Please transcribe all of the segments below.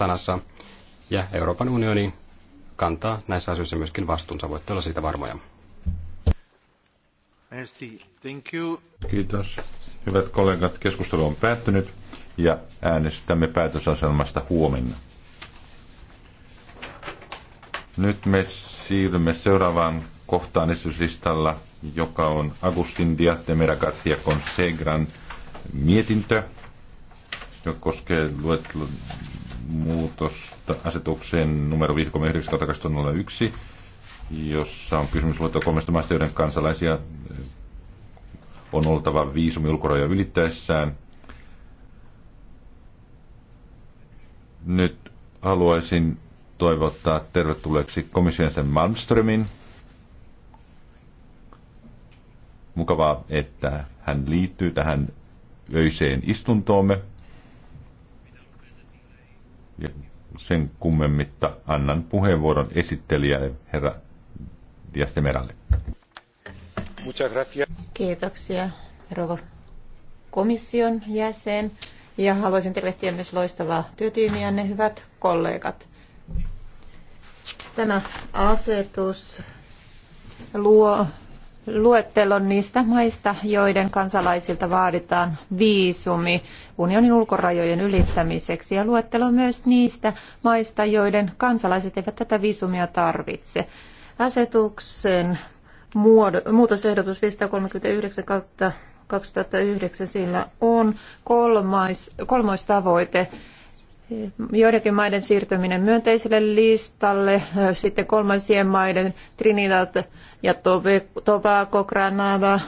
Tanassa. Ja Euroopan unioni kantaa näissä asioissa myöskin vastuunsa. Voitte olla siitä varmoja. Merci. Thank you. Kiitos. Hyvät kollegat, keskustelu on päättynyt ja äänestämme päätösasemasta huomenna. Nyt me siirrymme seuraavaan kohtaan esityslistalla, joka on Agustin Diaz de Meragatia Consegran mietintö, joka koskee luettelua muutosta asetukseen numero 539-2001, jossa on kysymys luettua kolmesta maasta, joiden kansalaisia eh, on oltava viisumi ulkoraja ylittäessään. Nyt haluaisin toivottaa tervetulleeksi komission sen Malmströmin. Mukavaa, että hän liittyy tähän öiseen istuntoomme sen kummemmitta annan puheenvuoron esittelijälle herra Diastemeralle. Kiitoksia rouva komission jäsen ja haluaisin tervehtiä myös loistavaa ne hyvät kollegat. Tämä asetus luo luettelon niistä maista, joiden kansalaisilta vaaditaan viisumi unionin ulkorajojen ylittämiseksi ja luettelo myös niistä maista, joiden kansalaiset eivät tätä viisumia tarvitse. Asetuksen muutosehdotus 539 2009 sillä on kolmais, kolmoistavoite joidenkin maiden siirtäminen myönteiselle listalle, sitten kolmansien maiden Trinidad ja Tobago, Granada,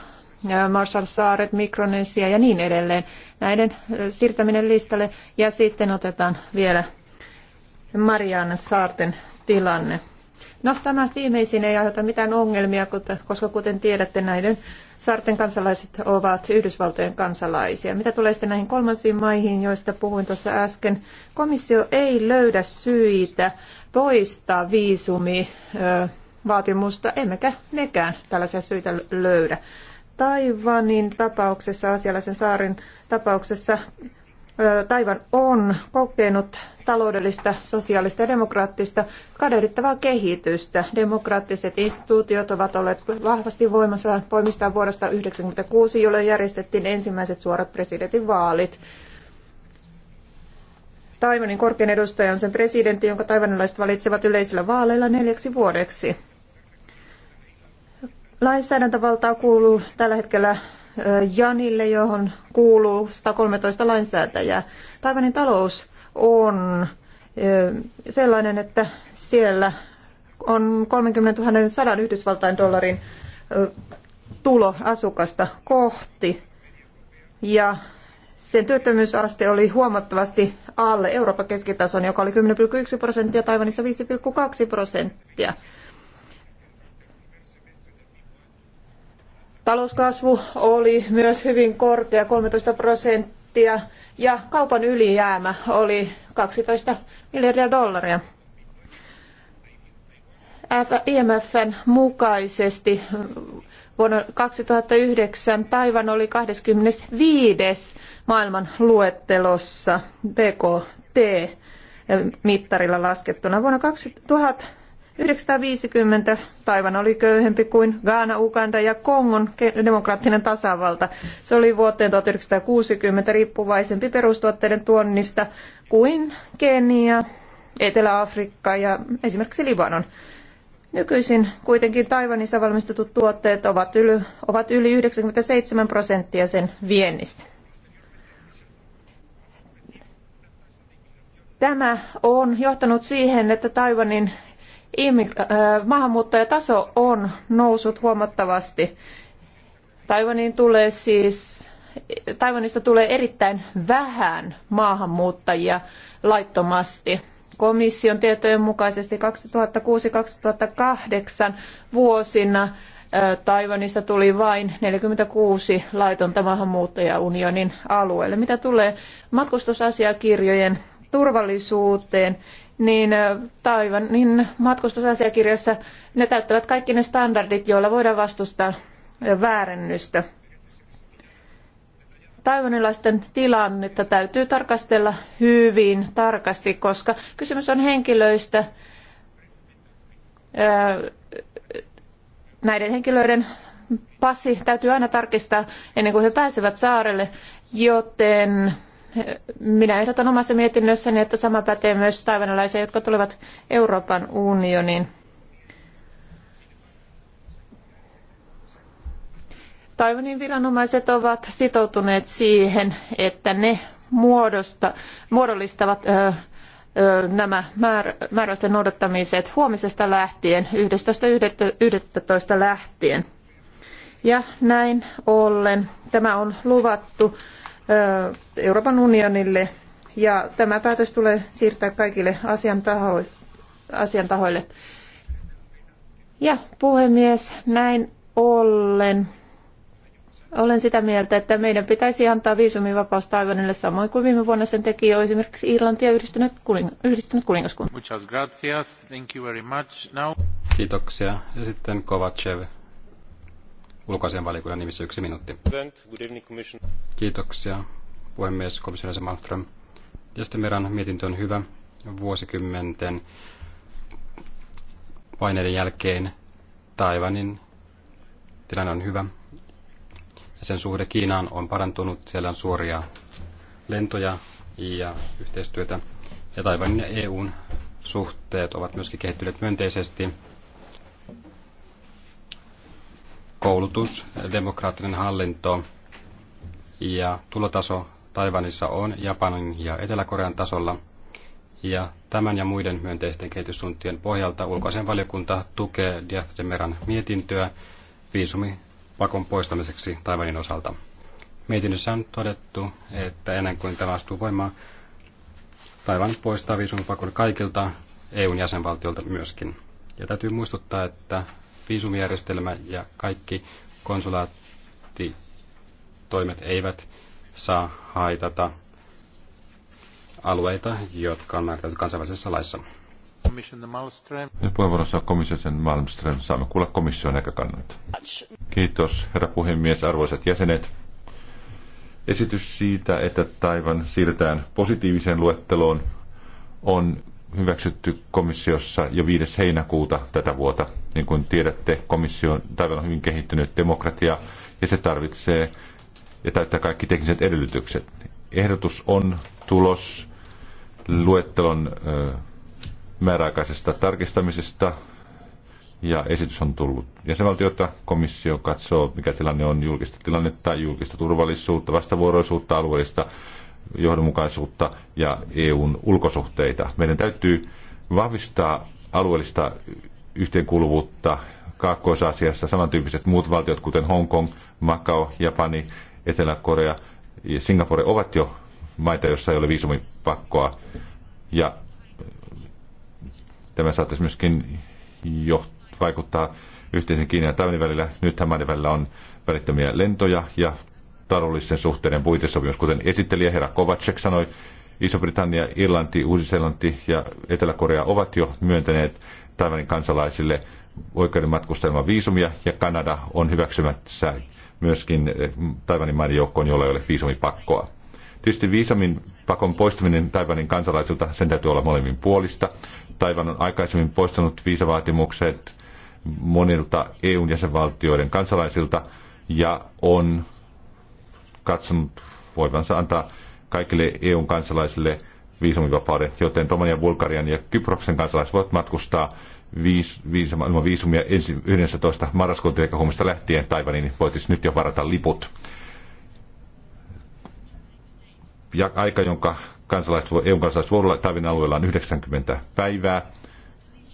Marshall-saaret, Mikronesia ja niin edelleen. Näiden siirtäminen listalle ja sitten otetaan vielä Marianne saarten tilanne. No tämä viimeisin ei aiheuta mitään ongelmia, koska kuten tiedätte näiden saarten kansalaiset ovat Yhdysvaltojen kansalaisia. Mitä tulee sitten näihin kolmansiin maihin, joista puhuin tuossa äsken, komissio ei löydä syitä poistaa viisumi vaatimusta, emmekä nekään tällaisia syitä löydä. Taivanin tapauksessa, asialaisen saarin tapauksessa Taivan on kokenut taloudellista, sosiaalista ja demokraattista kadehdittavaa kehitystä. Demokraattiset instituutiot ovat olleet vahvasti voimassa voimistaan vuodesta 1996, jolloin järjestettiin ensimmäiset suorat presidentinvaalit. Taivanin korkein edustaja on sen presidentti, jonka taivanilaiset valitsevat yleisillä vaaleilla neljäksi vuodeksi. Lainsäädäntövaltaa kuuluu tällä hetkellä Janille, johon kuuluu 113 lainsäätäjää. Taivanin talous on sellainen, että siellä on 30 100 Yhdysvaltain dollarin tulo asukasta kohti. Ja sen työttömyysaste oli huomattavasti alle Euroopan keskitason, joka oli 10,1 prosenttia, Taivanissa 5,2 prosenttia. Talouskasvu oli myös hyvin korkea, 13 prosenttia, ja kaupan ylijäämä oli 12 miljardia dollaria. IMFn mukaisesti vuonna 2009 Taivan oli 25. maailman luettelossa BKT mittarilla laskettuna. Vuonna 2000 950 Taivan oli köyhempi kuin Ghana, Uganda ja Kongon demokraattinen tasavalta. Se oli vuoteen 1960 riippuvaisempi perustuotteiden tuonnista kuin Kenia, Etelä-Afrikka ja esimerkiksi Libanon. Nykyisin kuitenkin Taiwanissa valmistetut tuotteet ovat yli, ovat yli 97 prosenttia sen viennistä. Tämä on johtanut siihen, että Taiwanin Äh, maahanmuuttajataso on noussut huomattavasti. Taiwanin tulee siis Taiwanista tulee erittäin vähän maahanmuuttajia laittomasti. Komission tietojen mukaisesti 2006-2008 vuosina äh, Taiwanista tuli vain 46 laitonta maahanmuuttajaa unionin alueelle. Mitä tulee matkustusasiakirjojen turvallisuuteen, niin Taiwanin niin matkustusasiakirjassa ne täyttävät kaikki ne standardit, joilla voidaan vastustaa väärennystä. Taiwanilaisten tilannetta täytyy tarkastella hyvin tarkasti, koska kysymys on henkilöistä, näiden henkilöiden passi täytyy aina tarkistaa ennen kuin he pääsevät saarelle, joten minä ehdotan omassa mietinnössäni, että sama pätee myös taivanalaisia, jotka tulevat Euroopan unioniin. Taivanin viranomaiset ovat sitoutuneet siihen, että ne muodosta, muodollistavat ö, ö, nämä määr, määräysten noudattamiset huomisesta lähtien, 11.11. lähtien. Ja näin ollen tämä on luvattu Euroopan unionille ja tämä päätös tulee siirtää kaikille asiantahoille. Ja puhemies, näin ollen olen sitä mieltä, että meidän pitäisi antaa viisumivapaus Taiwanille samoin kuin viime vuonna sen teki jo esimerkiksi Irlanti ja yhdistynyt, kuning- yhdistynyt kuningaskunta. Kiitoksia. Ja sitten ulkoisen valikunnan nimissä yksi minuutti. Kiitoksia, puhemies, komissaari Malmström. Ja meidän mietintö on hyvä. Vuosikymmenten paineiden jälkeen Taivanin tilanne on hyvä. Ja sen suhde Kiinaan on parantunut. Siellä on suoria lentoja ja yhteistyötä. Ja Taivanin ja EUn suhteet ovat myöskin kehittyneet myönteisesti koulutus, demokraattinen hallinto ja tulotaso Taiwanissa on Japanin ja Etelä-Korean tasolla. Ja tämän ja muiden myönteisten kehityssuuntien pohjalta ulkoisen valiokunta tukee Diathemeran mietintöä viisumipakon poistamiseksi Taiwanin osalta. Mietinnössä on todettu, että ennen kuin tämä astuu voimaan, Taiwan poistaa viisumipakon kaikilta EUn jäsenvaltiolta myöskin. Ja täytyy muistuttaa, että viisumijärjestelmä ja kaikki konsulaattitoimet eivät saa haitata alueita, jotka on määritelty kansainvälisessä laissa. Nyt puheenvuorossa on komission Malmström. Saamme kuulla komission näkökannat. Kiitos, herra puhemies, arvoisat jäsenet. Esitys siitä, että Taivan siirretään positiiviseen luetteloon, on hyväksytty komissiossa jo 5. heinäkuuta tätä vuotta. Niin kuin tiedätte, komissio on taivan hyvin kehittynyt demokratia ja se tarvitsee ja täyttää kaikki tekniset edellytykset. Ehdotus on tulos luettelon määräaikaisesta tarkistamisesta ja esitys on tullut jäsenvaltiota. Komissio katsoo, mikä tilanne on julkista tilannetta, julkista turvallisuutta, vastavuoroisuutta, alueellista johdonmukaisuutta ja EUn ulkosuhteita. Meidän täytyy vahvistaa alueellista yhteenkuuluvuutta Kaakkois-Aasiassa. Samantyyppiset muut valtiot, kuten Hongkong, Macau, Japani, Etelä-Korea ja Singapore, ovat jo maita, joissa ei ole viisumipakkoa. Ja tämä saattaisi myöskin jo vaikuttaa yhteisen Kiinan ja Taiwanin välillä. Nyt tämän välillä on välittömiä lentoja ja taloudellisten suhteiden puitesopimus. Kuten esittelijä herra Kovacek sanoi, Iso-Britannia, Irlanti, Uusi-Seelanti ja Etelä-Korea ovat jo myöntäneet Taiwanin kansalaisille oikeuden matkustelman viisumia ja Kanada on hyväksymässä myöskin eh, Taiwanin maiden joukkoon, jolla ei ole viisumipakkoa. Tietysti viisumin pakon poistaminen Taiwanin kansalaisilta, sen täytyy olla molemmin puolista. Taiwan on aikaisemmin poistanut viisavaatimukset monilta EUn jäsenvaltioiden kansalaisilta ja on katsonut voivansa antaa kaikille EUn kansalaisille viisumivapauden, joten Romanian, Bulgarian ja Kyproksen kansalaiset voivat matkustaa viis, viis, ilman viisumia ensi 11. marraskuun huomista lähtien Taivaniin, niin voitaisiin nyt jo varata liput. Ja aika, jonka kansalaiset, EUn kansalaiset voivat olla Taivin alueella on 90 päivää,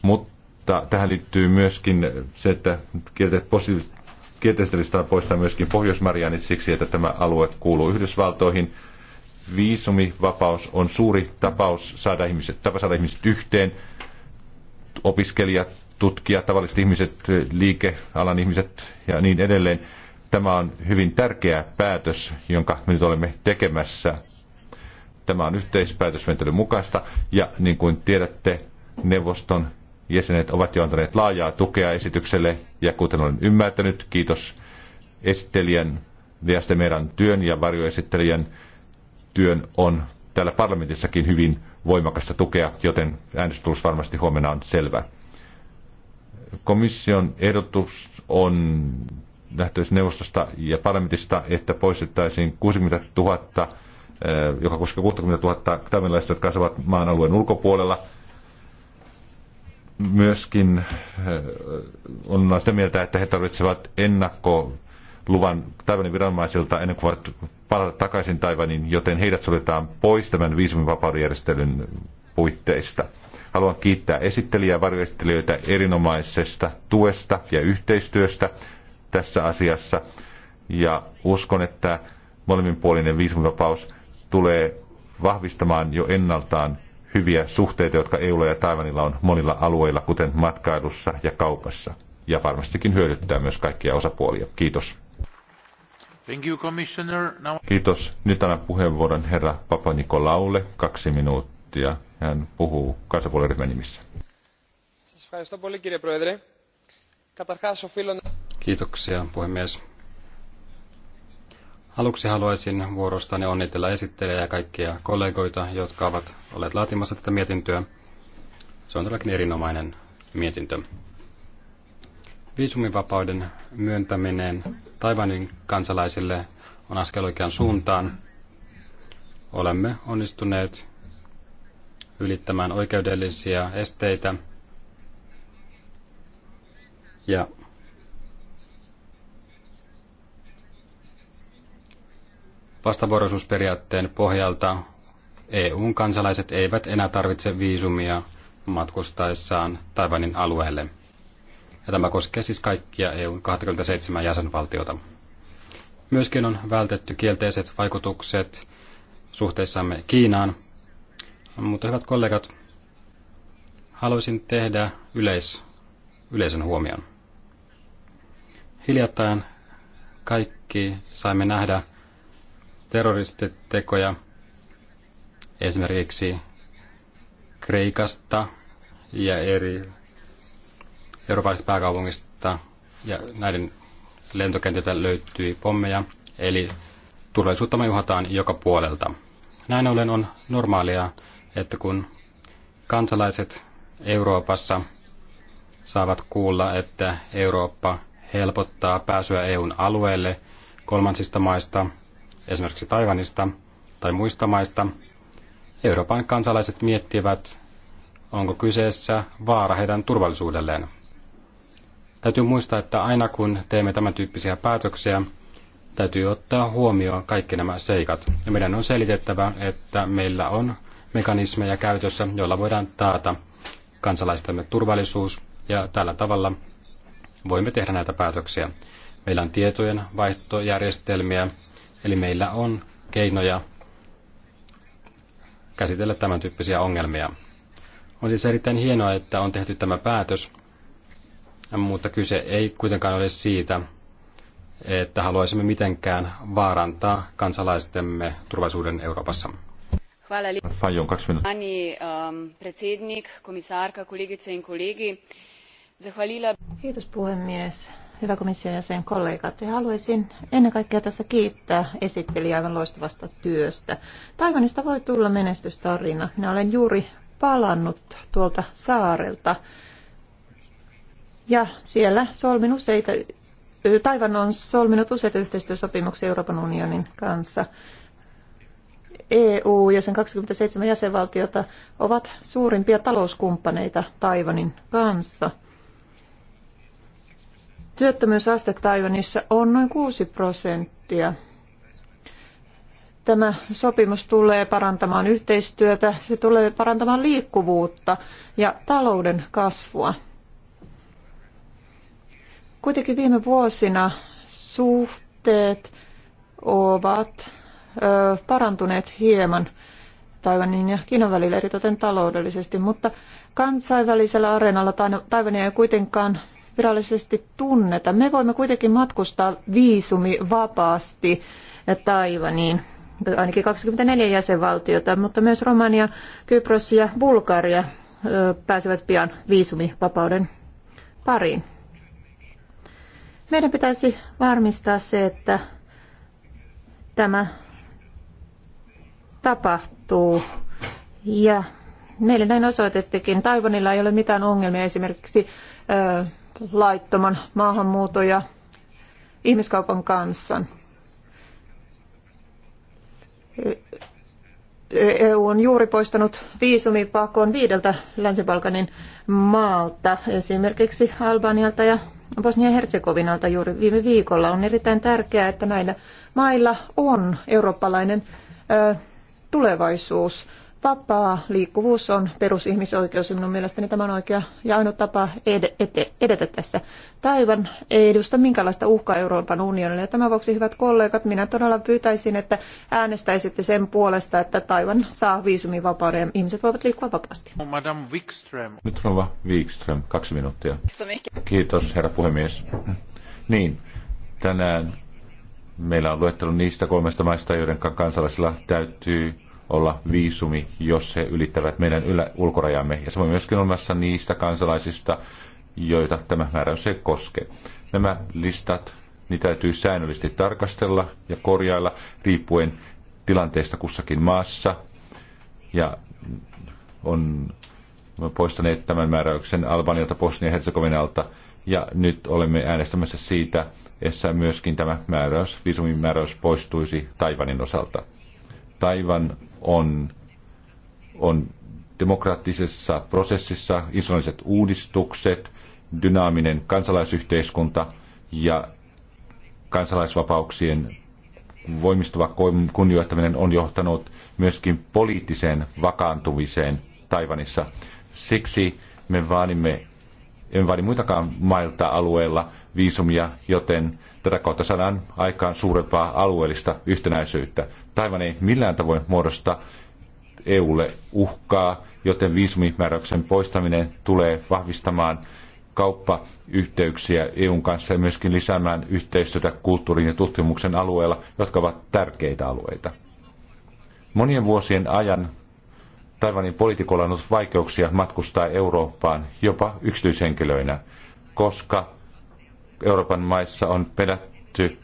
mutta tähän liittyy myöskin se, että kielteet positiiviset kielteistä poistaa myöskin pohjois siksi, että tämä alue kuuluu Yhdysvaltoihin. Viisumivapaus on suuri tapaus saada ihmiset, tapa saada ihmiset yhteen. Opiskelijat, tutkijat, tavalliset ihmiset, liikealan ihmiset ja niin edelleen. Tämä on hyvin tärkeä päätös, jonka me nyt olemme tekemässä. Tämä on yhteispäätösmentelyn mukaista ja niin kuin tiedätte, neuvoston jäsenet ovat jo antaneet laajaa tukea esitykselle ja kuten olen ymmärtänyt, kiitos esittelijän Diaste meidän työn ja varjoesittelijän työn on täällä parlamentissakin hyvin voimakasta tukea, joten äänestys varmasti huomenna on selvä. Komission ehdotus on nähtävissä neuvostosta ja parlamentista, että poistettaisiin 60 000, eh, joka koskee 60 000 tamilaista, jotka asuvat maan alueen ulkopuolella – myöskin eh, on sitä mieltä, että he tarvitsevat ennakkoluvan Taiwanin viranomaisilta ennen kuin voivat palata takaisin Taivaniin, joten heidät suljetaan pois tämän viisumivapaudenjärjestelyn puitteista. Haluan kiittää esittelijä ja varjoesittelijöitä erinomaisesta tuesta ja yhteistyöstä tässä asiassa. Ja uskon, että molemminpuolinen viisumivapaus tulee vahvistamaan jo ennaltaan hyviä suhteita, jotka EUlla ja Taiwanilla on monilla alueilla, kuten matkailussa ja kaupassa. Ja varmastikin hyödyttää myös kaikkia osapuolia. Kiitos. Thank you, Commissioner. Now... Kiitos. Nyt annan puheenvuoron herra Papa Kaksi minuuttia. Hän puhuu kansapuoliryhmän nimissä. Kiitoksia, puhemies. Aluksi haluaisin vuorostani onnitella esittelijä ja kaikkia kollegoita, jotka ovat olleet laatimassa tätä mietintöä. Se on todellakin erinomainen mietintö. Viisumivapauden myöntäminen Taiwanin kansalaisille on askel oikean suuntaan. Olemme onnistuneet ylittämään oikeudellisia esteitä ja vastavuoroisuusperiaatteen pohjalta EUn kansalaiset eivät enää tarvitse viisumia matkustaessaan Taiwanin alueelle. Ja tämä koskee siis kaikkia EUn 27 jäsenvaltiota. Myöskin on vältetty kielteiset vaikutukset suhteissamme Kiinaan. Mutta hyvät kollegat, haluaisin tehdä yleis, yleisen huomion. Hiljattain kaikki saimme nähdä, terroristitekoja esimerkiksi Kreikasta ja eri eurooppalaisista pääkaupungista ja näiden lentokentiltä löytyi pommeja, eli turvallisuutta me juhataan joka puolelta. Näin ollen on normaalia, että kun kansalaiset Euroopassa saavat kuulla, että Eurooppa helpottaa pääsyä EUn alueelle kolmansista maista – esimerkiksi Taiwanista tai muista maista, Euroopan kansalaiset miettivät, onko kyseessä vaara heidän turvallisuudelleen. Täytyy muistaa, että aina kun teemme tämän tyyppisiä päätöksiä, täytyy ottaa huomioon kaikki nämä seikat. Ja meidän on selitettävä, että meillä on mekanismeja käytössä, joilla voidaan taata kansalaistemme turvallisuus, ja tällä tavalla voimme tehdä näitä päätöksiä. Meillä on tietojen vaihtojärjestelmiä, Eli meillä on keinoja käsitellä tämän tyyppisiä ongelmia. On siis erittäin hienoa, että on tehty tämä päätös, mutta kyse ei kuitenkaan ole siitä, että haluaisimme mitenkään vaarantaa kansalaistemme turvallisuuden Euroopassa. Hvala Fajon, kaksi minuuttia. Ani um, predsednik, komissaarka, kollegice in kollegi. Zahvalila... Kiitos puhemies hyvä komission jäsen kollegat. Ja haluaisin ennen kaikkea tässä kiittää esittelijä aivan loistavasta työstä. Taivanista voi tulla menestystarina. Minä olen juuri palannut tuolta saarelta ja siellä solmin useita, Taivan on solminut useita yhteistyösopimuksia Euroopan unionin kanssa. EU ja sen 27 jäsenvaltiota ovat suurimpia talouskumppaneita Taivanin kanssa – Työttömyysaste Taiwanissa on noin 6 prosenttia. Tämä sopimus tulee parantamaan yhteistyötä, se tulee parantamaan liikkuvuutta ja talouden kasvua. Kuitenkin viime vuosina suhteet ovat ö, parantuneet hieman Taiwanin ja Kiinan välillä eritoten taloudellisesti, mutta kansainvälisellä areenalla Taivania ei kuitenkaan virallisesti tunneta. Me voimme kuitenkin matkustaa viisumi vapaasti Taivaniin ainakin 24 jäsenvaltiota, mutta myös Romania, Kypros ja Bulgaria pääsevät pian viisumivapauden pariin. Meidän pitäisi varmistaa se, että tämä tapahtuu ja meille näin osoitettikin. Taivanilla ei ole mitään ongelmia esimerkiksi laittoman maahanmuuton ja ihmiskaupan kanssa. EU e-, e on juuri poistanut viisumipakon viideltä Länsi-Balkanin maalta, esimerkiksi Albanialta ja Bosnia-Herzegovinalta juuri viime viikolla. On erittäin tärkeää, että näillä mailla on eurooppalainen tulevaisuus. Vapaa liikkuvuus on perusihmisoikeus ja minun mielestäni tämä on oikea ja ainoa tapa ed- ed- edetä tässä. Taivan ei edusta minkäänlaista uhkaa Euroopan unionille. Ja tämän vuoksi, hyvät kollegat, minä todella pyytäisin, että äänestäisitte sen puolesta, että Taivan saa viisumivapauden ja ihmiset voivat liikkua vapaasti. Oh, Madame Wikström. Nyt rouva Wikström, kaksi minuuttia. Kiitos, herra puhemies. Niin, tänään meillä on luettelo niistä kolmesta maista, joiden kansalaisilla täytyy olla viisumi, jos he ylittävät meidän ylä- ulkorajamme. Ja se voi myöskin olemassa niistä kansalaisista, joita tämä määräys ei koske. Nämä listat, niitä täytyy säännöllisesti tarkastella ja korjailla riippuen tilanteesta kussakin maassa. Ja on poistaneet tämän määräyksen Albanialta, Bosnia ja Herzegovinalta. Ja nyt olemme äänestämässä siitä, että myöskin tämä määräys, viisumin määräys poistuisi Taivanin osalta. Taivan on, on demokraattisessa prosessissa, islamiset uudistukset, dynaaminen kansalaisyhteiskunta ja kansalaisvapauksien voimistuva kunnioittaminen on johtanut myöskin poliittiseen vakaantumiseen Taivanissa. Siksi me vaadimme en vaadi muitakaan mailta alueella viisumia, joten tätä kautta saadaan aikaan suurempaa alueellista yhtenäisyyttä. Taivan ei millään tavoin muodosta EUlle uhkaa, joten viisumimääräyksen poistaminen tulee vahvistamaan kauppayhteyksiä EUn kanssa ja myöskin lisäämään yhteistyötä kulttuurin ja tutkimuksen alueella, jotka ovat tärkeitä alueita. Monien vuosien ajan Taiwanin poliitikolla on ollut vaikeuksia matkustaa Eurooppaan jopa yksityishenkilöinä, koska Euroopan maissa on pelätty,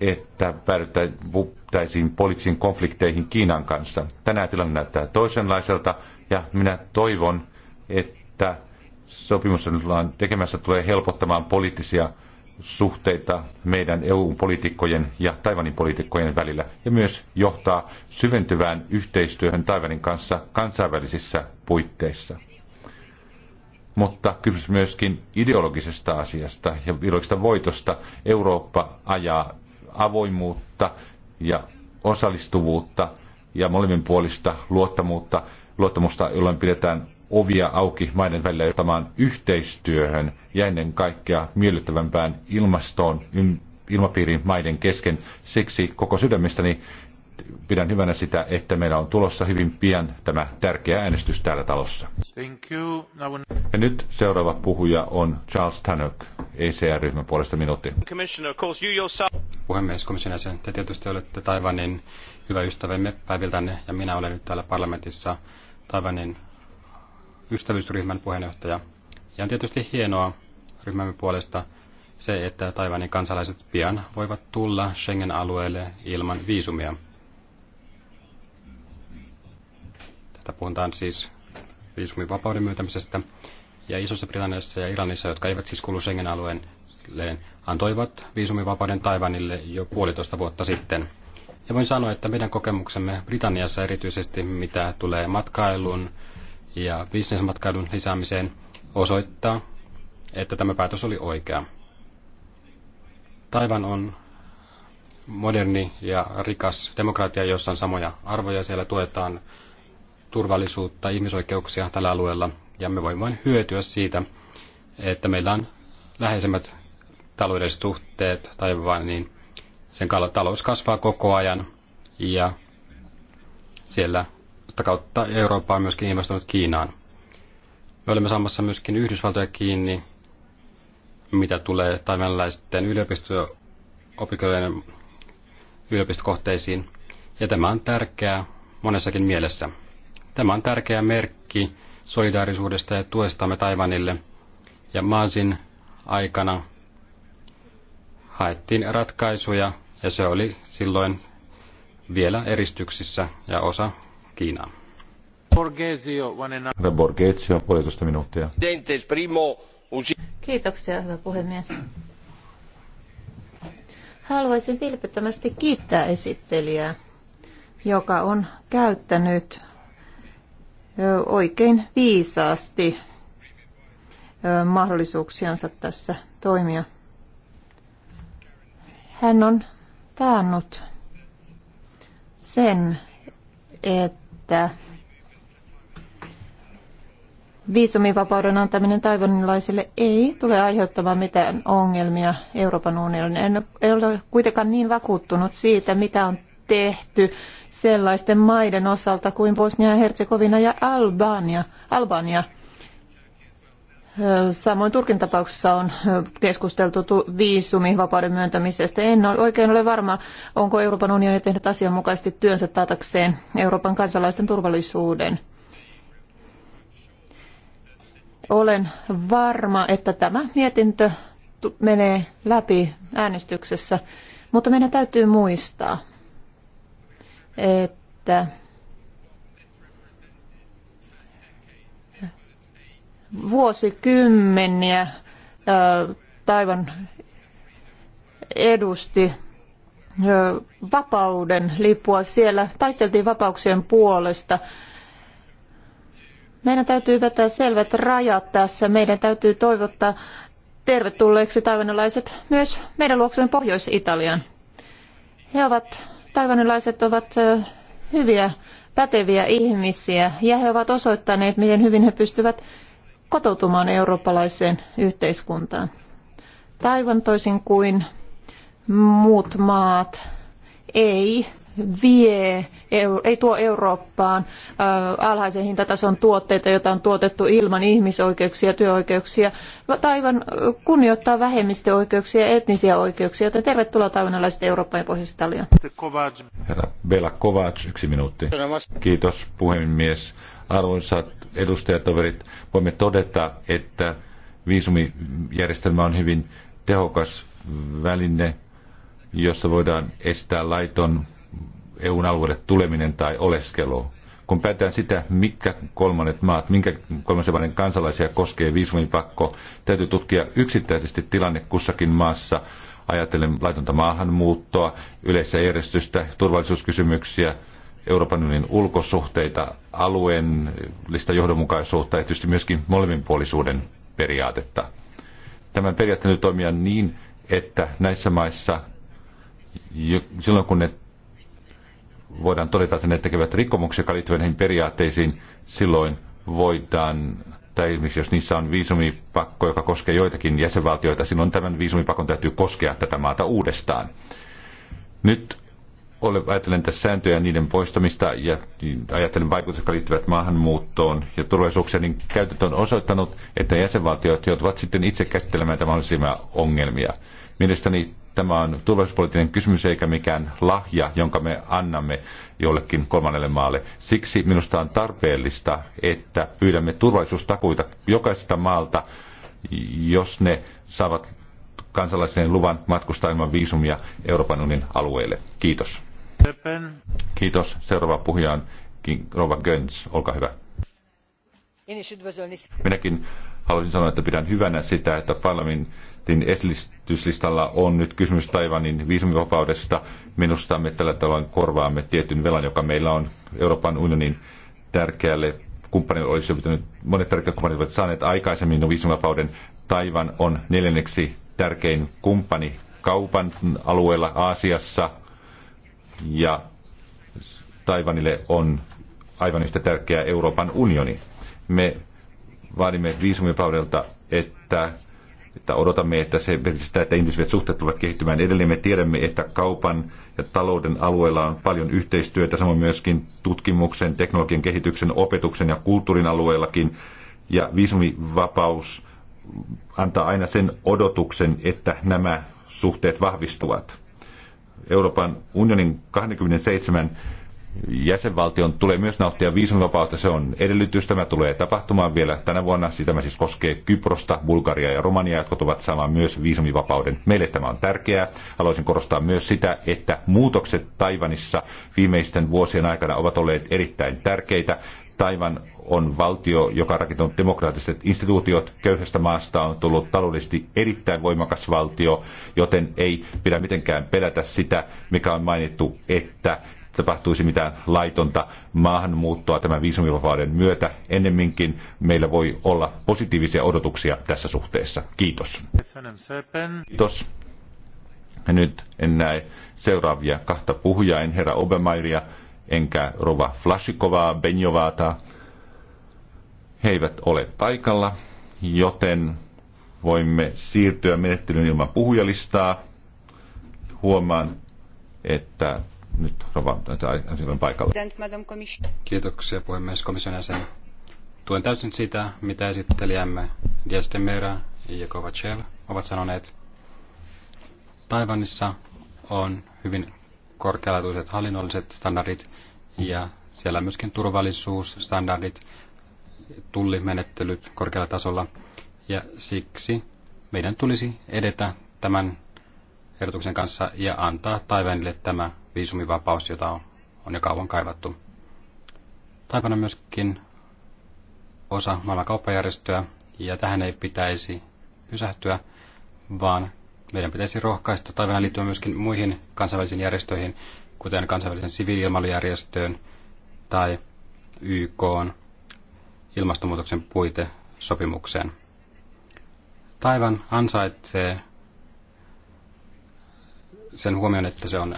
että päädyttäisiin poliittisiin konflikteihin Kiinan kanssa. Tänään tilanne näyttää toisenlaiselta ja minä toivon, että sopimus, jota ollaan tekemässä, tulee helpottamaan poliittisia suhteita meidän EU-poliitikkojen ja Taiwanin poliitikkojen välillä ja myös johtaa syventyvään yhteistyöhön Taiwanin kanssa kansainvälisissä puitteissa. Mutta kysymys myöskin ideologisesta asiasta ja ideologisesta voitosta. Eurooppa ajaa avoimuutta ja osallistuvuutta ja molemminpuolista luottamusta, luottamusta, jolloin pidetään ovia auki maiden välillä johtamaan yhteistyöhön ja ennen kaikkea miellyttävämpään ilmastoon ilmapiiriin maiden kesken. Siksi koko sydämestäni pidän hyvänä sitä, että meillä on tulossa hyvin pian tämä tärkeä äänestys täällä talossa. Thank you. Now... Ja nyt seuraava puhuja on Charles Tannock, ECR-ryhmän puolesta minuutti. Puhemies, komission jäsen, te tietysti olette Taivanin hyvä ystävämme päiviltänne ja minä olen nyt täällä parlamentissa Taivanin ystävyysryhmän puheenjohtaja. Ja on tietysti hienoa ryhmämme puolesta se, että Taiwanin kansalaiset pian voivat tulla Schengen-alueelle ilman viisumia. Tästä puhutaan siis viisumivapauden myöntämisestä. Ja Isossa Britanniassa ja Iranissa, jotka eivät siis kuulu Schengen-alueelleen, antoivat viisumivapauden Taiwanille jo puolitoista vuotta sitten. Ja voin sanoa, että meidän kokemuksemme Britanniassa erityisesti, mitä tulee matkailun, ja bisnesmatkailun lisäämiseen osoittaa, että tämä päätös oli oikea. Taivan on moderni ja rikas demokratia, jossa on samoja arvoja. Siellä tuetaan turvallisuutta, ihmisoikeuksia tällä alueella, ja me voimme vain hyötyä siitä, että meillä on läheisemmät taloudelliset suhteet Taivaan, niin sen talous kasvaa koko ajan, ja siellä sitä kautta Eurooppa on myöskin investoinut Kiinaan. Me olemme saamassa myöskin Yhdysvaltoja kiinni, mitä tulee taimenlaisten yliopistoopikoiden yliopistokohteisiin. Ja tämä on tärkeää monessakin mielessä. Tämä on tärkeä merkki solidaarisuudesta ja tuestamme Taivanille. Ja Maasin aikana haettiin ratkaisuja ja se oli silloin vielä eristyksissä ja osa Kiinaan. Borghezio, Herra Borghezio, puolitoista minuuttia. Kiitoksia, hyvä puhemies. Haluaisin vilpittömästi kiittää esittelijää, joka on käyttänyt oikein viisaasti mahdollisuuksiansa tässä toimia. Hän on taannut sen, että että viisumivapauden antaminen taivonilaisille ei tule aiheuttamaan mitään ongelmia Euroopan unionin. En ole kuitenkaan niin vakuuttunut siitä, mitä on tehty sellaisten maiden osalta kuin Bosnia ja Herzegovina ja Albania. Albania Samoin Turkin tapauksessa on keskusteltu viisumivapauden myöntämisestä. En ole, oikein ole varma, onko Euroopan unioni tehnyt asianmukaisesti työnsä taatakseen Euroopan kansalaisten turvallisuuden. Olen varma, että tämä mietintö menee läpi äänestyksessä, mutta meidän täytyy muistaa, että vuosikymmeniä Taivan edusti vapauden lippua siellä, taisteltiin vapauksien puolesta. Meidän täytyy vetää selvät rajat tässä. Meidän täytyy toivottaa tervetulleeksi taivanilaiset myös meidän luoksemme Pohjois-Italian. He ovat, taivanilaiset ovat hyviä, päteviä ihmisiä ja he ovat osoittaneet, miten hyvin he pystyvät kotoutumaan eurooppalaiseen yhteiskuntaan. Taivan toisin kuin muut maat ei vie, ei tuo Eurooppaan alhaisen hintatason tuotteita, joita on tuotettu ilman ihmisoikeuksia, työoikeuksia, tai vain kunnioittaa vähemmistöoikeuksia ja etnisiä oikeuksia, joten tervetuloa taivanalaiset Eurooppaan ja Pohjois-Italiaan. Herra Bela Kovac, yksi minuutti. Kiitos puhemies. Arvoisat edustajatoverit, voimme todeta, että viisumijärjestelmä on hyvin tehokas väline, jossa voidaan estää laiton EUn alueelle tuleminen tai oleskelu. Kun päätetään sitä, mitkä kolmannet maat, minkä kolmannen maiden kansalaisia koskee viisumipakko, täytyy tutkia yksittäisesti tilanne kussakin maassa, ajatellen laitonta maahanmuuttoa, yleistä järjestystä, turvallisuuskysymyksiä, Euroopan unionin ulkosuhteita, alueellista johdonmukaisuutta ja tietysti myöskin molemminpuolisuuden periaatetta. Tämän periaatteen toimia niin, että näissä maissa silloin kun ne voidaan todeta, että ne tekevät rikkomuksia, jotka liittyvät näihin periaatteisiin, silloin voidaan, tai esimerkiksi jos niissä on viisumipakko, joka koskee joitakin jäsenvaltioita, silloin tämän viisumipakon täytyy koskea tätä maata uudestaan. Nyt ole, ajattelen tässä sääntöjä ja niiden poistamista ja ajattelen vaikutuksia, jotka liittyvät maahanmuuttoon ja turvallisuuksiin, niin käytöt on osoittanut, että jäsenvaltiot joutuvat sitten itse käsittelemään tämän mahdollisia ongelmia. Mielestäni Tämä on turvallisuuspoliittinen kysymys eikä mikään lahja, jonka me annamme jollekin kolmannelle maalle. Siksi minusta on tarpeellista, että pyydämme turvallisuustakuita jokaisesta maalta, jos ne saavat kansalaisen luvan matkustaa ilman viisumia Euroopan unionin alueelle. Kiitos. Kiitos. Seuraava puhuja on Rova Göns. Olkaa hyvä. Minäkin Haluaisin sanoa, että pidän hyvänä sitä, että parlamentin esityslistalla on nyt kysymys Taivanin viisumivapaudesta. Minusta me tällä tavalla korvaamme tietyn velan, joka meillä on Euroopan unionin tärkeälle kumppanille olisi pitänyt, monet tärkeät kumppanit ovat saaneet aikaisemmin no viisumivapauden. Taivan on neljänneksi tärkein kumppani kaupan alueella Aasiassa ja Taivanille on aivan yhtä tärkeää Euroopan unioni. Me vaadimme viisumipaudelta, että, että odotamme, että se sitä, että intensiiviset suhteet tulevat kehittymään. Edelleen me tiedämme, että kaupan ja talouden alueella on paljon yhteistyötä, samoin myöskin tutkimuksen, teknologian kehityksen, opetuksen ja kulttuurin alueellakin. Ja viisumivapaus antaa aina sen odotuksen, että nämä suhteet vahvistuvat. Euroopan unionin 27 jäsenvaltion tulee myös nauttia viisumivapautta. Se on edellytys. Tämä tulee tapahtumaan vielä tänä vuonna. tämä siis koskee Kyprosta, Bulgariaa ja Romaniaa, jotka tulevat saamaan myös viisumivapauden. Meille tämä on tärkeää. Haluaisin korostaa myös sitä, että muutokset Taivanissa viimeisten vuosien aikana ovat olleet erittäin tärkeitä. Taivan on valtio, joka on rakentanut demokraattiset instituutiot. Köyhästä maasta on tullut taloudellisesti erittäin voimakas valtio, joten ei pidä mitenkään pelätä sitä, mikä on mainittu, että tapahtuisi mitään laitonta maahanmuuttoa tämän viisumivapauden myötä. Ennemminkin meillä voi olla positiivisia odotuksia tässä suhteessa. Kiitos. Kiitos. Ja nyt en näe seuraavia kahta puhujaa, en herra Obemairia, enkä rova Flashikovaa, Benjovaata. He eivät ole paikalla, joten voimme siirtyä menettelyyn ilman puhujalistaa. Huomaan, että nyt Rova on paikalla. Kiitoksia puhemies komission jäsen. Tuen täysin sitä, mitä esittelijämme Diestemera ja Kovacev ovat sanoneet. Taivanissa on hyvin korkealaatuiset hallinnolliset standardit ja siellä myöskin turvallisuusstandardit, tullimenettelyt korkealla tasolla. Ja siksi meidän tulisi edetä tämän ehdotuksen kanssa ja antaa Taiwanille tämä viisumivapaus, jota on jo kauan kaivattu. Taipana on myöskin osa maailman kauppajärjestöä, ja tähän ei pitäisi pysähtyä, vaan meidän pitäisi rohkaista Taivanan liittyä myöskin muihin kansainvälisiin järjestöihin, kuten kansainvälisen siviiliilmailujärjestöön tai YK ilmastonmuutoksen puitesopimukseen. Taivan ansaitsee sen huomion, että se on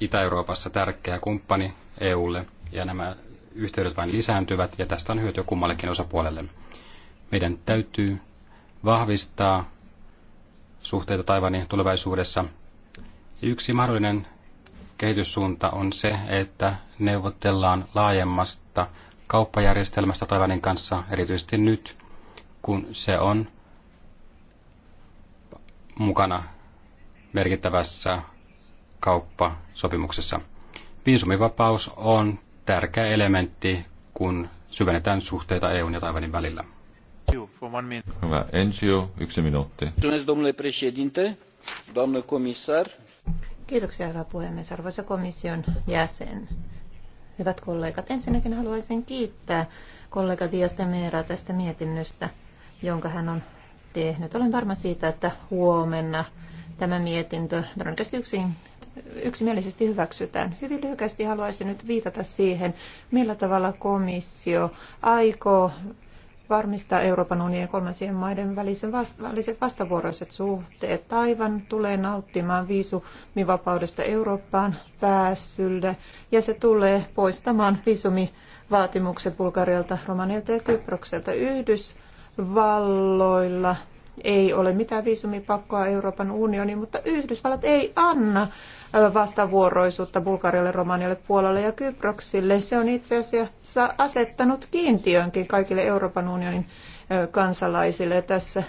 Itä-Euroopassa tärkeä kumppani EUlle ja nämä yhteydet vain lisääntyvät ja tästä on hyötyä kummallekin osapuolelle. Meidän täytyy vahvistaa suhteita Taivanin tulevaisuudessa. Yksi mahdollinen kehityssuunta on se, että neuvotellaan laajemmasta kauppajärjestelmästä Taivanin kanssa, erityisesti nyt, kun se on mukana merkittävässä kauppasopimuksessa. Viisumivapaus on tärkeä elementti, kun syvennetään suhteita EUn ja Taiwanin välillä. Hyvä. Enzio, yksi minuutti. Kiitoksia, herra puhemies, arvoisa komission jäsen. Hyvät kollegat, ensinnäkin haluaisin kiittää kollega Diasta Meeraa tästä mietinnöstä, jonka hän on tehnyt. Olen varma siitä, että huomenna tämä mietintö todennäköisesti yksin yksimielisesti hyväksytään. Hyvin lyhyesti haluaisin nyt viitata siihen, millä tavalla komissio aikoo varmistaa Euroopan unionin kolmansien maiden välisen vasta- väliset vastavuoroiset suhteet. Taivan tulee nauttimaan viisumivapaudesta Eurooppaan pääsylle ja se tulee poistamaan viisumivaatimukset Bulgarialta, Romanialta ja Kyprokselta Yhdysvalloilla. Ei ole mitään viisumipakkoa Euroopan unioniin, mutta Yhdysvallat ei anna vastavuoroisuutta Bulgarialle, Romanialle, Puolalle ja Kyproksille. Se on itse asiassa asettanut kiintiönkin kaikille Euroopan unionin kansalaisille tässä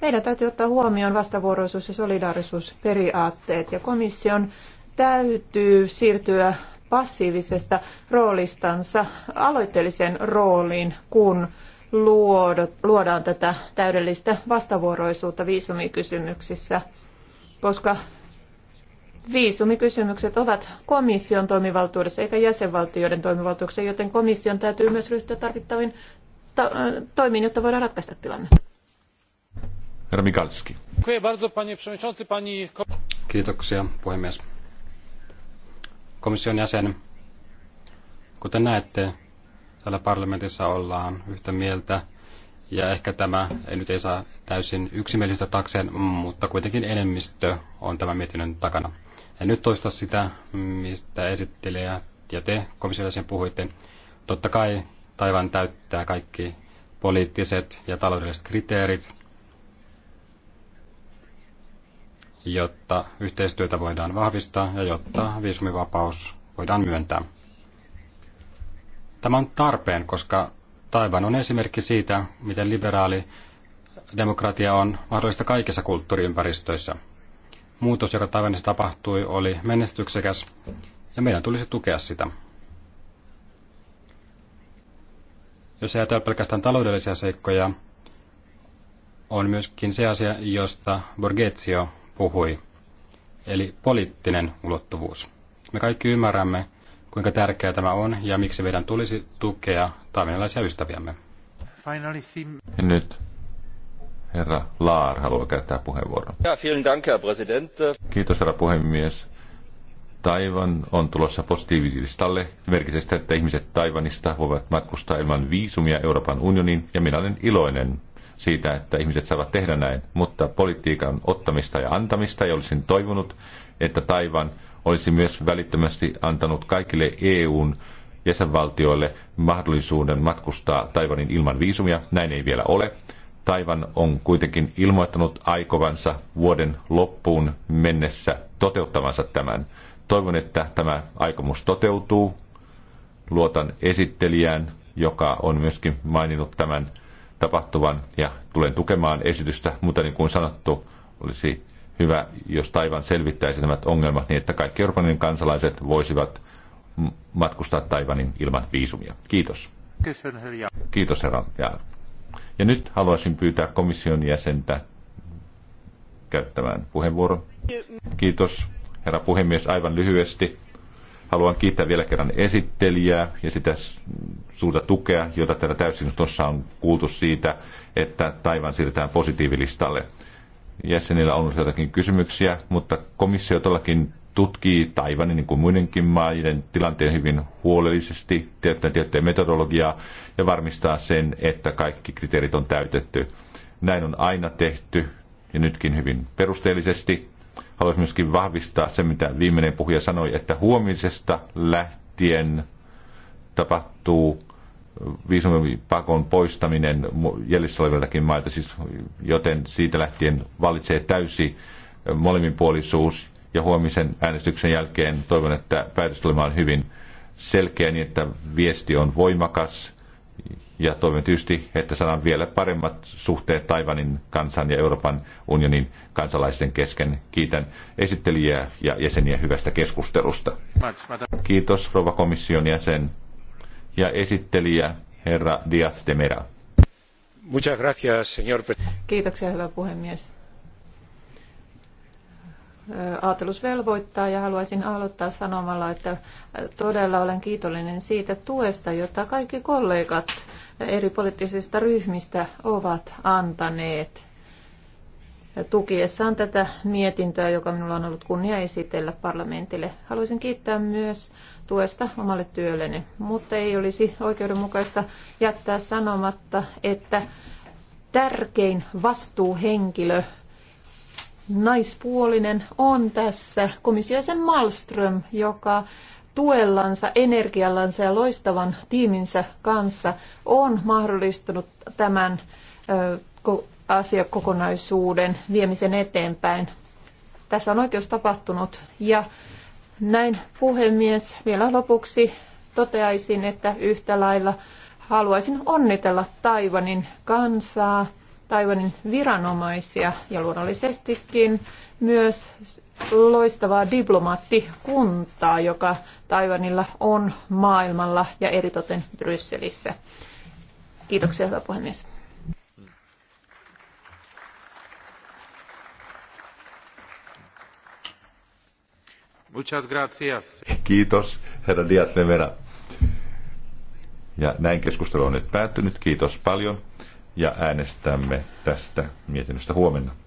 meidän täytyy ottaa huomioon vastavuoroisuus- ja solidaarisuusperiaatteet ja komission täytyy siirtyä passiivisesta roolistansa aloitteelliseen rooliin, kun luodaan tätä täydellistä vastavuoroisuutta viisumikysymyksissä, koska viisumikysymykset ovat komission toimivaltuudessa eikä jäsenvaltioiden toimivaltuudessa, joten komission täytyy myös ryhtyä tarvittaviin to- toimiin, jotta voidaan ratkaista tilanne. Kiitoksia, puhemies. Komission jäsen, kuten näette, täällä parlamentissa ollaan yhtä mieltä. Ja ehkä tämä ei nyt ei saa täysin yksimielistä takseen, mutta kuitenkin enemmistö on tämän mietinnön takana. En nyt toista sitä, mistä esittelijä ja te komissiolaisen puhuitte. Totta kai Taivan täyttää kaikki poliittiset ja taloudelliset kriteerit, jotta yhteistyötä voidaan vahvistaa ja jotta viisumivapaus voidaan myöntää. Tämä on tarpeen, koska Taiwan on esimerkki siitä, miten liberaali demokratia on mahdollista kaikissa kulttuuriympäristöissä. Muutos, joka Taiwanissa tapahtui, oli menestyksekäs ja meidän tulisi tukea sitä. Jos ajatellaan pelkästään taloudellisia seikkoja, on myöskin se asia, josta Borgetsio puhui, eli poliittinen ulottuvuus. Me kaikki ymmärrämme, kuinka tärkeää tämä on ja miksi meidän tulisi tukea taimilaisia ystäviämme. nyt herra Laar haluaa käyttää puheenvuoron. Ja, vielen dank, herr president. Kiitos, herra puhemies. Taivan on tulossa positiivilistalle merkitystä, että ihmiset Taivanista voivat matkustaa ilman viisumia Euroopan unionin, ja minä olen iloinen siitä, että ihmiset saavat tehdä näin, mutta politiikan ottamista ja antamista, ja olisin toivonut, että Taivan olisi myös välittömästi antanut kaikille EUn jäsenvaltioille mahdollisuuden matkustaa Taivanin ilman viisumia. Näin ei vielä ole. Taivan on kuitenkin ilmoittanut aikovansa vuoden loppuun mennessä toteuttavansa tämän. Toivon, että tämä aikomus toteutuu. Luotan esittelijään, joka on myöskin maininnut tämän tapahtuvan ja tulen tukemaan esitystä, mutta niin kuin sanottu, olisi hyvä, jos taivaan selvittäisi nämä ongelmat niin, että kaikki Euroopan kansalaiset voisivat matkustaa Taivanin ilman viisumia. Kiitos. Kiitos herra Ja. Ja nyt haluaisin pyytää komission jäsentä käyttämään puheenvuoron. Kiitos herra puhemies aivan lyhyesti. Haluan kiittää vielä kerran esittelijää ja sitä suurta tukea, jota täällä tuossa on kuultu siitä, että Taivan siirretään positiivilistalle jäsenillä on jotakin kysymyksiä, mutta komissio todellakin tutkii Taivanin niin kuin muidenkin maiden tilanteen hyvin huolellisesti, tiettyä tiettyä metodologiaa ja varmistaa sen, että kaikki kriteerit on täytetty. Näin on aina tehty ja nytkin hyvin perusteellisesti. Haluaisin myöskin vahvistaa se, mitä viimeinen puhuja sanoi, että huomisesta lähtien tapahtuu viisumipakon poistaminen jäljessä oleviltakin maita, siis, joten siitä lähtien valitsee täysi molemminpuolisuus ja huomisen äänestyksen jälkeen toivon, että päätös tulemaan hyvin selkeä niin, että viesti on voimakas ja toivon tietysti, että saadaan vielä paremmat suhteet Taivanin kansan ja Euroopan unionin kansalaisten kesken. Kiitän esittelijää ja jäseniä hyvästä keskustelusta. Kiitos, rouva komission jäsen ja esittelijä herra Diaz de Mera. Muchas gracias, señor Kiitoksia, hyvä puhemies. Aatelus velvoittaa ja haluaisin aloittaa sanomalla, että todella olen kiitollinen siitä tuesta, jota kaikki kollegat eri poliittisista ryhmistä ovat antaneet tukiessaan tätä mietintöä, joka minulla on ollut kunnia esitellä parlamentille. Haluaisin kiittää myös tuesta omalle työlleni. Mutta ei olisi oikeudenmukaista jättää sanomatta, että tärkein vastuuhenkilö naispuolinen on tässä komissiosen Malmström, joka tuellansa, energiallansa ja loistavan tiiminsä kanssa on mahdollistanut tämän asiakokonaisuuden viemisen eteenpäin. Tässä on oikeus tapahtunut ja näin puhemies. Vielä lopuksi toteaisin, että yhtä lailla haluaisin onnitella Taivanin kansaa, Taivanin viranomaisia ja luonnollisestikin myös loistavaa diplomaattikuntaa, joka Taivanilla on maailmalla ja eritoten Brysselissä. Kiitoksia, hyvä puhemies. Muchas gracias. Kiitos, herra Diaz Levera. Ja näin keskustelu on nyt päättynyt. Kiitos paljon ja äänestämme tästä mietinnöstä huomenna.